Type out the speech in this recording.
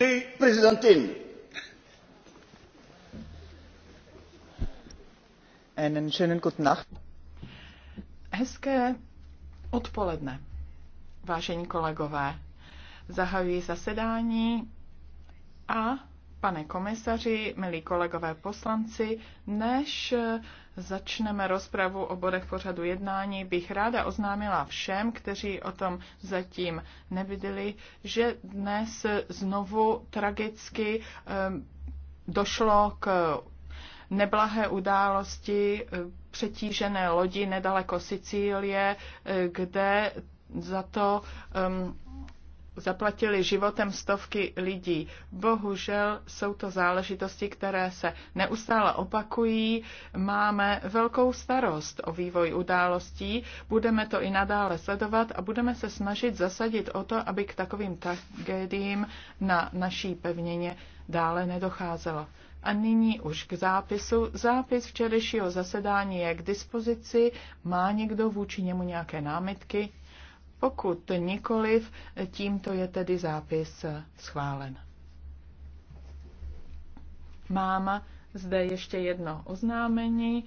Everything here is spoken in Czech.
Die Präsidentin! Einen schönen guten Nacht. Hezké odpoledne, vážení kolegové. Zahajuji zasedání a Pane komisaři, milí kolegové poslanci, než začneme rozpravu o bodech pořadu jednání, bych ráda oznámila všem, kteří o tom zatím neviděli, že dnes znovu tragicky ehm, došlo k neblahé události ehm, přetížené lodi nedaleko Sicílie, ehm, kde za to um, zaplatili životem stovky lidí. Bohužel jsou to záležitosti, které se neustále opakují. Máme velkou starost o vývoj událostí, budeme to i nadále sledovat a budeme se snažit zasadit o to, aby k takovým tragédiím na naší pevnině dále nedocházelo. A nyní už k zápisu. Zápis včerejšího zasedání je k dispozici. Má někdo vůči němu nějaké námitky? Pokud nikoliv, tímto je tedy zápis schválen. Mám zde ještě jedno oznámení.